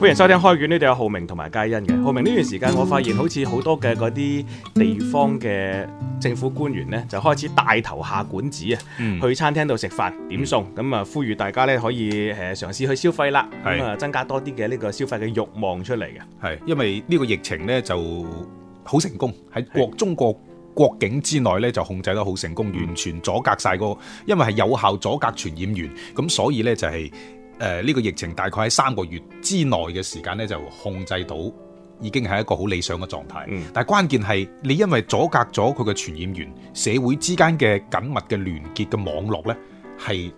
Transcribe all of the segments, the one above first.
歡迎收聽開卷，呢度有浩明同埋佳欣嘅。浩明，呢段時間我發現好似好多嘅嗰啲地方嘅政府官員呢，就開始帶頭下館子啊，嗯、去餐廳度食飯點餸咁啊，呼籲大家呢，可以誒嘗試去消費啦，咁啊、嗯、增加多啲嘅呢個消費嘅欲望出嚟嘅係，因為呢個疫情呢，就好成功喺國中國國境之內呢，就控制得好成功，完全阻隔晒個，因為係有效阻隔傳染源，咁所以呢，就係、是。誒呢、呃呢個疫情大概喺三個月之內嘅時間呢，就控制到已經係一個好理想嘅狀態。嗯、但係關鍵係你因為阻隔咗佢嘅傳染源，社會之間嘅緊密嘅聯結嘅網絡呢，係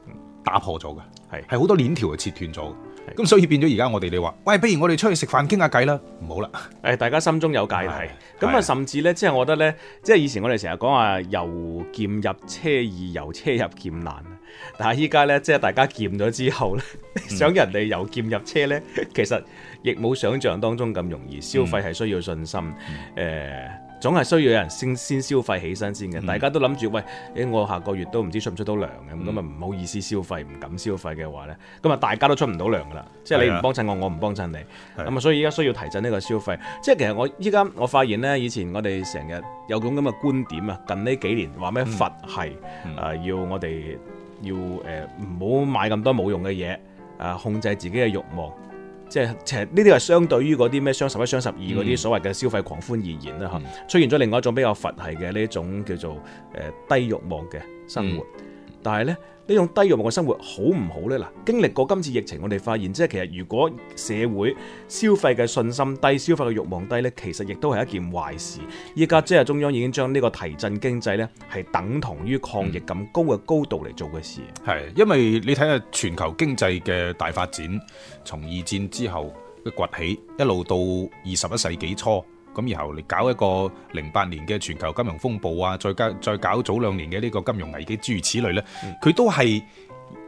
打破咗嘅。係係好多鏈條係切斷咗。咁是的 所以變咗而家我哋你話，喂，不如我哋出去食飯傾下偈啦，唔好啦。誒，大家心中有芥蒂。咁啊，甚至呢，即係我覺得呢，即係以前我哋成日講話，由儉入奢易，由奢入儉難。但係依家呢，即係大家儉咗之後咧，想人哋由儉入奢呢，其實亦冇想象當中咁容易。消費係需要信心，誒、mm hmm. 呃，總係需要有人先先消費起身先嘅。Mm hmm. 大家都諗住，喂，誒，我下個月都唔知出唔出到糧嘅，咁咪唔好意思消費，唔敢消費嘅話呢，咁啊，大家都出唔到糧噶啦。即係你唔幫襯我，我唔幫襯你，咁、mm hmm. 啊，所以依家需要提振呢個消費。即係其實我依家我發現呢，以前我哋成日有種咁嘅觀點啊，近呢幾年話咩佛系、呃 mm hmm. 要我哋。要誒唔好買咁多冇用嘅嘢啊！控制自己嘅慾望，即係其實呢啲係相對於嗰啲咩雙十一、雙十二嗰啲所謂嘅消費狂歡而言啦，嚇、嗯、出現咗另外一種比較佛系嘅呢一種叫做誒、呃、低慾望嘅生活，嗯、但係呢。呢種低欲望嘅生活好唔好呢？嗱，經歷過今次疫情，我哋發現即係其實如果社會消費嘅信心低，消費嘅欲望低呢，其實亦都係一件壞事。依家即係中央已經將呢個提振經濟呢，係等同於抗疫咁高嘅高度嚟做嘅事。係，嗯，因為你睇下全球經濟嘅大發展，從二戰之後嘅崛起一路到二十一世紀初。咁然後你搞一個零八年嘅全球金融風暴啊，再加再搞早兩年嘅呢個金融危機，諸如此類咧，佢都係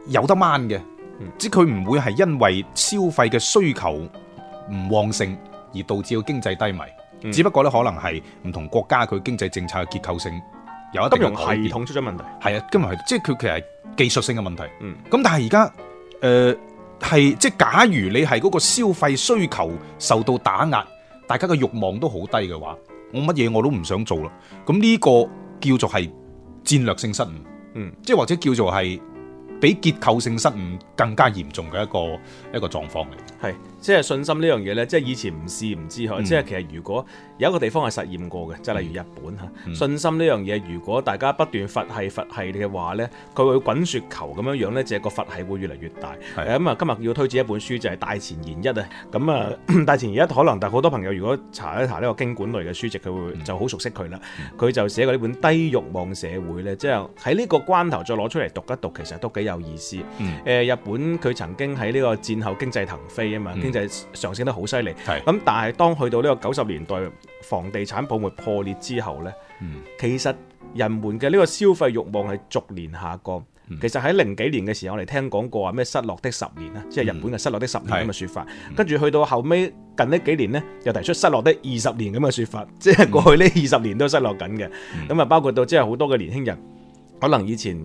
有得掹嘅，嗯、即係佢唔會係因為消費嘅需求唔旺盛而導致到經濟低迷。嗯、只不過咧，可能係唔同國家佢經濟政策嘅結構性有一金融系統出咗問題，係啊，金融係、嗯、即係佢其實係技術性嘅問題。嗯，咁但係而家誒係即係假如你係嗰個消費需求受到打壓。大家嘅欲望都好低嘅話，我乜嘢我都唔想做啦。咁呢個叫做係戰略性失誤，嗯，即係或者叫做係比結構性失誤更加嚴重嘅一個一個狀況嚟。係。即係信心呢樣嘢呢，即係以前唔試唔知、嗯、即係其實如果有一個地方係實驗過嘅，即係例如日本嚇，嗯、信心呢樣嘢，如果大家不斷佛系佛系嘅話呢，佢會滾雪球咁樣樣咧，就係個佛系會越嚟越大。咁啊的、嗯，今日要推薦一本書就係大前研一啊。咁啊，大前研一、嗯嗯嗯、前一可能但係好多朋友如果查一查呢個經管類嘅書籍，佢會就好熟悉佢啦。佢、嗯、就寫過呢本《低欲望社會》呢，即係喺呢個關頭再攞出嚟讀一讀，其實都幾有意思。誒、嗯，日本佢曾經喺呢個戰後經濟騰飛啊嘛。上升得好犀利，咁是。但係當去到呢個九十年代，房地產泡沫破裂之後呢，嗯、其實人們嘅呢個消費欲望係逐年下降。嗯、其實喺零幾年嘅時候，我哋聽講過話咩失落的十年啦，嗯、即係日本嘅失落的十年咁嘅說法。跟住是去到後尾近呢幾年呢，又提出失落的二十年咁嘅說法，嗯、即係過去呢二十年都失落緊嘅。咁啊、嗯，嗯、包括到即係好多嘅年輕人。可能以前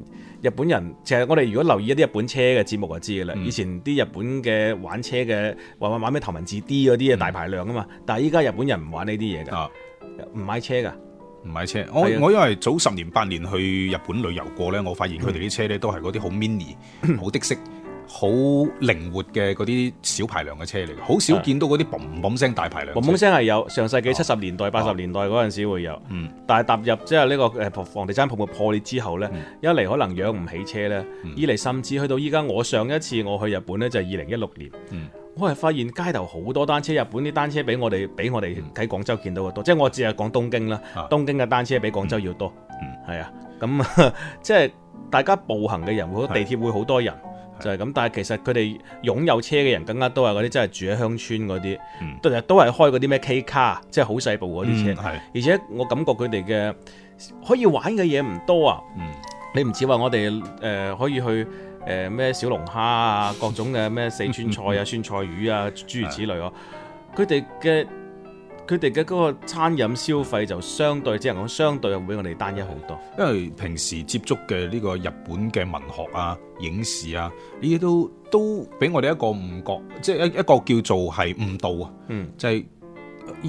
日本人，其實我哋如果留意一啲日本車嘅節目就知嘅啦。嗯、以前啲日本嘅玩車嘅話話買咩頭文字 D 嗰啲啊，大排量啊嘛。嗯、但係依家日本人唔玩呢啲嘢㗎，唔買、啊、車㗎，唔買車。的我我因為早十年八年去日本旅遊過咧，我發現佢哋啲車咧都係嗰啲好 mini，好的式。好靈活嘅嗰啲小排量嘅車嚟，好少見到嗰啲嘣嘣聲大排量。嘣嘣聲係有上世紀七十年代、八十、啊、年代嗰陣時會有，嗯、但係踏入即係呢個誒房地產泡沫破裂之後咧，嗯、一嚟可能養唔起車咧，二嚟、嗯、甚至去到依家，我上一次我去日本咧就係二零一六年，嗯、我係發現街頭好多單車，日本啲單車比我哋比我哋喺廣州見到嘅多，嗯、即係我只係講東京啦，啊、東京嘅單車比廣州要多，係啊、嗯，咁即係大家步行嘅人，地鐵會好多人。就係咁，但係其實佢哋擁有車嘅人更加多係嗰啲真係住喺鄉村嗰啲，日日、嗯、都係開嗰啲咩 K 卡，即係好細部嗰啲車，嗯、而且我感覺佢哋嘅可以玩嘅嘢唔多啊。嗯、你唔似話我哋誒、呃、可以去誒咩、呃、小龍蝦啊，各種嘅咩四川菜啊、酸 菜魚啊諸如此類啊，佢哋嘅。佢哋嘅嗰個餐飲消費就相對，只能講相對會比我哋單一好多。因為平時接觸嘅呢個日本嘅文學啊、影視啊，呢啲都都俾我哋一個誤覺，即係一一個叫做係誤導啊。嗯，就係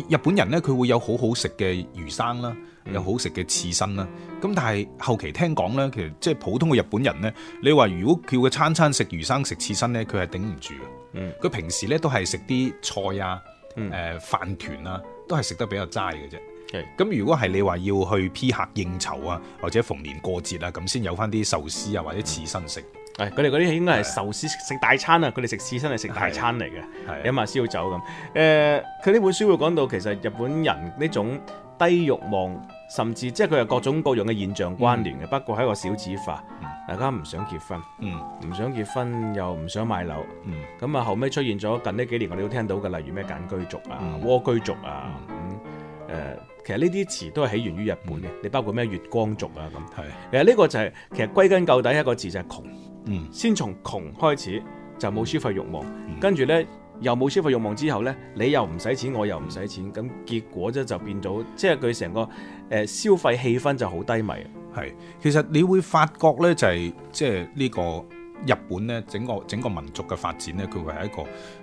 日本人咧，佢會有好好食嘅魚生啦，有好食嘅刺身啦。咁、嗯、但係後期聽講咧，其實即係普通嘅日本人咧，你話如果叫佢餐餐食魚生食刺身咧，佢係頂唔住嘅。嗯，佢平時咧都係食啲菜啊。誒、嗯、飯團啦、啊，都係食得比較齋嘅啫。係咁是，如果係你話要去 P 客應酬啊，或者逢年過節啊，咁先有翻啲壽司啊，或者刺身食。係佢哋嗰啲應該係壽司食是大餐啊，佢哋食刺身係食大餐嚟嘅，飲下燒酒咁。誒、呃，佢呢本書會講到其實日本人呢種低欲望，甚至即係佢係各種各樣嘅現象關聯嘅，不過係一個少子化。嗯大家唔想結婚，唔、嗯、想結婚又唔想買樓，咁啊、嗯、後尾出現咗近呢幾年，我哋都聽到嘅，例如咩簡居族啊、蝸、嗯、居族啊，咁誒、嗯嗯呃，其實呢啲詞都係起源於日本嘅。你、嗯、包括咩月光族啊咁，是其實呢個就係、是、其實歸根究底一個字就係窮，嗯、先從窮開始就冇消費欲望，嗯、跟住咧又冇消費欲望之後咧，你又唔使錢，我又唔使錢，咁結果啫就變咗，即係佢成個誒消費氣氛就好低迷。係，其實你會發覺咧，就係、是、即係呢個日本咧，整個整個民族嘅發展咧，佢會係一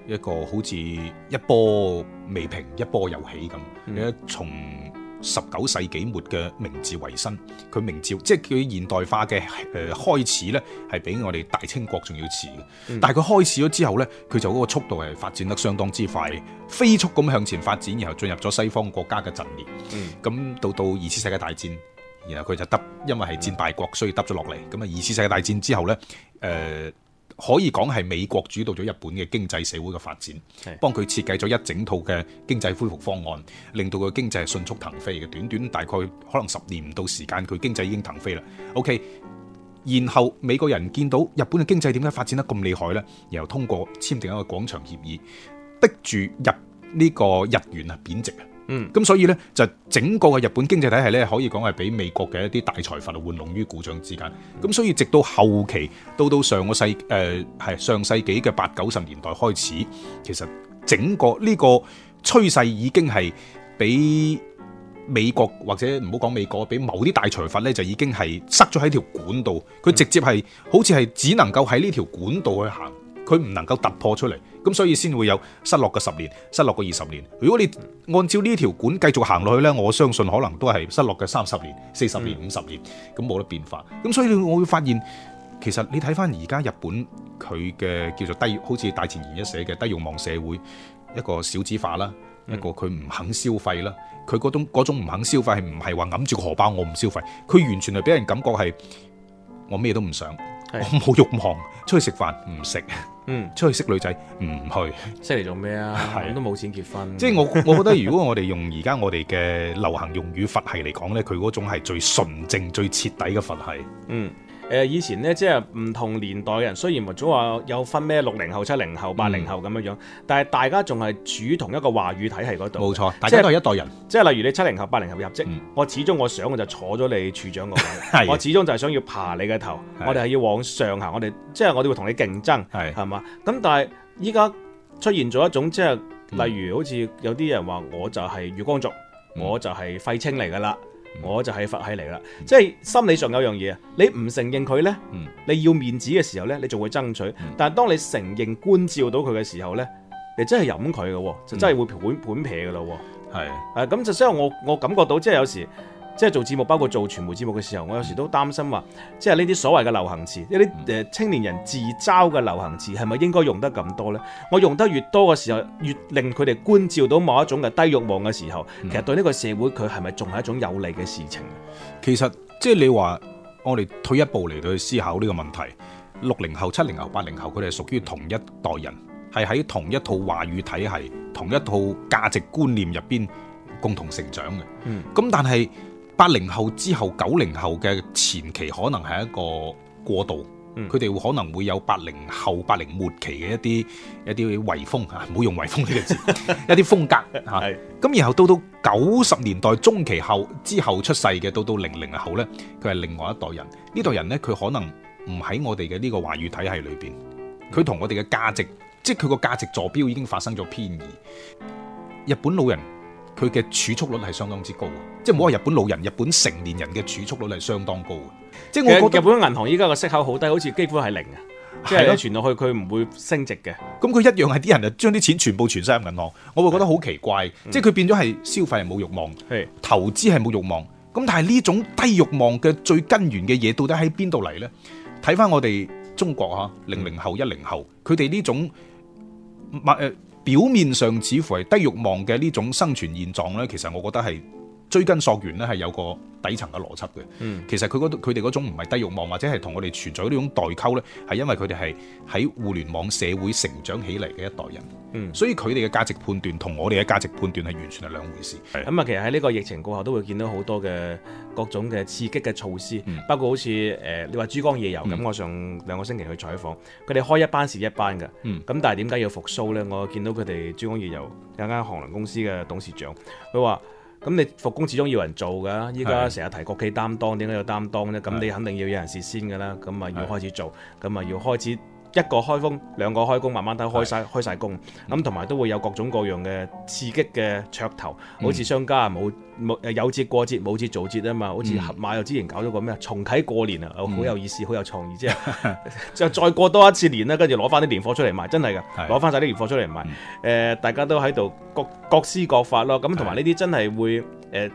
個一個好似一波未平一波又起咁。你從十九世紀末嘅明治維新，佢明治即係佢現代化嘅誒、呃、開始咧，係比我哋大清國仲要遲。嗯、但係佢開始咗之後咧，佢就嗰個速度係發展得相當之快，飛、嗯、速咁向前發展，然後進入咗西方國家嘅陣列。咁到、嗯嗯、到二次世界大戰。然後佢就耷，因為係戰敗國，所以耷咗落嚟。咁啊，二次世界大戰之後呢，誒、呃、可以講係美國主導咗日本嘅經濟社會嘅發展，幫佢設計咗一整套嘅經濟恢復方案，令到佢經濟迅速騰飛嘅。短短大概可能十年唔到時間，佢經濟已經騰飛啦。OK，然後美國人見到日本嘅經濟點解發展得咁厲害呢？然後通過簽訂一個廣場協議，逼住日呢、呢個日元啊貶值。嗯，咁所以呢，就整個嘅日本經濟體系呢，可以講係俾美國嘅一啲大財閥嚟玩弄於股掌之間。咁、嗯、所以直到後期到到上個世誒係、呃、上世紀嘅八九十年代開始，其實整個呢個趨勢已經係俾美國或者唔好講美國，俾某啲大財閥呢，就已經係塞咗喺條管道，佢直接係、嗯、好似係只能夠喺呢條管道去行。佢唔能夠突破出嚟，咁所以先會有失落嘅十年，失落嘅二十年。如果你按照呢條管繼續行落去呢，我相信可能都係失落嘅三十年、四十年、五十年，咁冇得變化。咁所以我會發現，其實你睇翻而家日本佢嘅叫做低，好似大前研一寫嘅低欲望社會，一個少子化啦，一個佢唔肯消費啦，佢嗰、嗯、種唔肯消費係唔係話揞住個荷包我唔消費？佢完全係俾人感覺係我咩都唔想。我冇欲望，出去食飯唔食，嗯，出去識女仔唔去，識嚟做咩啊？係都冇錢結婚。即係我，我覺得如果我哋用而家我哋嘅流行用語佛系嚟講呢，佢嗰種係最純正、最徹底嘅佛系，嗯。誒以前咧，即係唔同年代嘅人，雖然唔係總話有分咩六零後、七零後、八零後咁樣樣，嗯、但係大家仲係處於同一個話語體系嗰度。冇錯，即係是一代人。即係例如你七零後、八零後入職，嗯、我始終我想我就坐咗你處長個位。嗯、我始終就係想要爬你嘅頭，是我哋係要往上行，我哋即係我哋會同你競爭，係嘛是？咁是但係依家出現咗一種，即係例如好似有啲人話，我就係月光族，我就係廢青嚟㗎喇。我就係佛系嚟啦，嗯、即係心理上有樣嘢你唔承認佢咧，嗯、你要面子嘅時候咧，你仲會爭取，嗯、但係當你承認觀照到佢嘅時候咧，你真係飲佢嘅，就真係會本、嗯、本撇噶咯，係的，誒咁、啊、就所以我我感覺到即係有時。即係做節目，包括做傳媒節目嘅時候，我有時都擔心話，即係呢啲所謂嘅流行詞，嗯、一啲誒青年人自嘲嘅流行詞，係咪應該用得咁多呢？我用得越多嘅時候，越令佢哋關照到某一種嘅低欲望嘅時候，其實對呢個社會佢係咪仲係一種有利嘅事情？嗯、其實即係你話，我哋退一步嚟到去思考呢個問題，六零後、七零後、八零後，佢哋係屬於同一代人，係喺、嗯、同一套話語體系、同一套價值觀念入邊共同成長嘅。嗯，咁但係。八零後之後，九零後嘅前期可能係一個過渡，佢哋、嗯、可能會有八零後、八零末期嘅一啲一啲遺風吓，唔好用遺風呢個字， 一啲風格吓。咁 是、啊、然後到到九十年代中期後之後出世嘅，到到零零後呢，佢係另外一代人。呢代人呢，佢可能唔喺我哋嘅呢個華語體系裏邊，佢同、嗯、我哋嘅價值，即係佢個價值坐標已經發生咗偏移。日本老人。佢嘅儲蓄率係相當之高，即係唔好話日本老人，日本成年人嘅儲蓄率係相當高嘅。即係我覺得日本銀行依家個息口好低，好似幾乎係零啊，的即係存落去佢唔會升值嘅。咁佢一樣係啲人啊，將啲錢全部存晒入銀行，我會覺得好奇怪，的即係佢變咗係消費係冇欲望，係的投資係冇欲望。咁但係呢種低欲望嘅最根源嘅嘢到底喺邊度嚟咧？睇翻我哋中國吓零零後一零後，佢哋呢種物誒。呃表面上似乎係低欲望嘅呢種生存現狀咧，其實我覺得係。追根溯源咧，係有個底層嘅邏輯嘅。嗯、其實佢佢哋嗰種唔係低欲望，或者係同我哋存在呢種代溝咧，係因為佢哋係喺互聯網社會成長起嚟嘅一代人。嗯，所以佢哋嘅價值判斷同我哋嘅價值判斷係完全係兩回事。咁啊、嗯，是其實喺呢個疫情過後，都會見到好多嘅各種嘅刺激嘅措施，包括好似誒、呃、你話珠江夜遊咁。嗯、我上兩個星期去採訪，佢哋、嗯、開一班是一班嘅。咁、嗯、但係點解要復甦咧？我見到佢哋珠江夜遊有間航輪公司嘅董、董事長，佢話。咁你復工始終要人做㗎，而家成日提國企擔當，點解要擔當咧？咁你肯定要有人事先㗎啦，咁啊要開始做，咁啊是的 要開始。一個開封，兩個開工，慢慢都開晒開晒工咁，同埋都會有各種各樣嘅刺激嘅噱頭，嗯、好似商家啊冇冇有節過節冇節做節啊嘛，好似盒馬又之前搞咗個咩重啟過年啊，好有意思，好、嗯、有創意，即、就、係、是、 再過多一次年啦，跟住攞翻啲年貨出嚟賣，真係噶，攞翻晒啲年貨出嚟賣，誒、嗯呃，大家都喺度各各施各各法咯，咁同埋呢啲真係會誒。呃的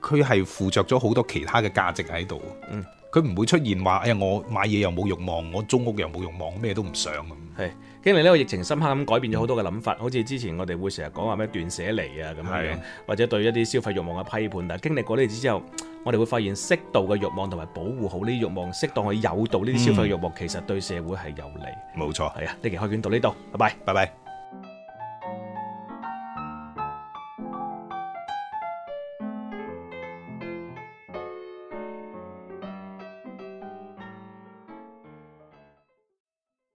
佢係附着咗好多其他嘅價值喺度，佢唔、嗯、會出現話，哎呀，我買嘢又冇欲望，我租屋又冇欲望，咩都唔想、啊。係經歷呢個疫情深刻咁改變咗好多嘅諗法，嗯、好似之前我哋會成日講話咩斷捨離啊咁樣，啊、或者對一啲消費欲望嘅批判。但係經歷過呢啲之後，我哋會發現適度嘅欲望同埋保護好呢啲欲望，適當去誘導呢啲消費欲望，嗯、其實對社會係有利。冇錯，係啊錯，呢期開卷到呢度，拜拜，拜拜。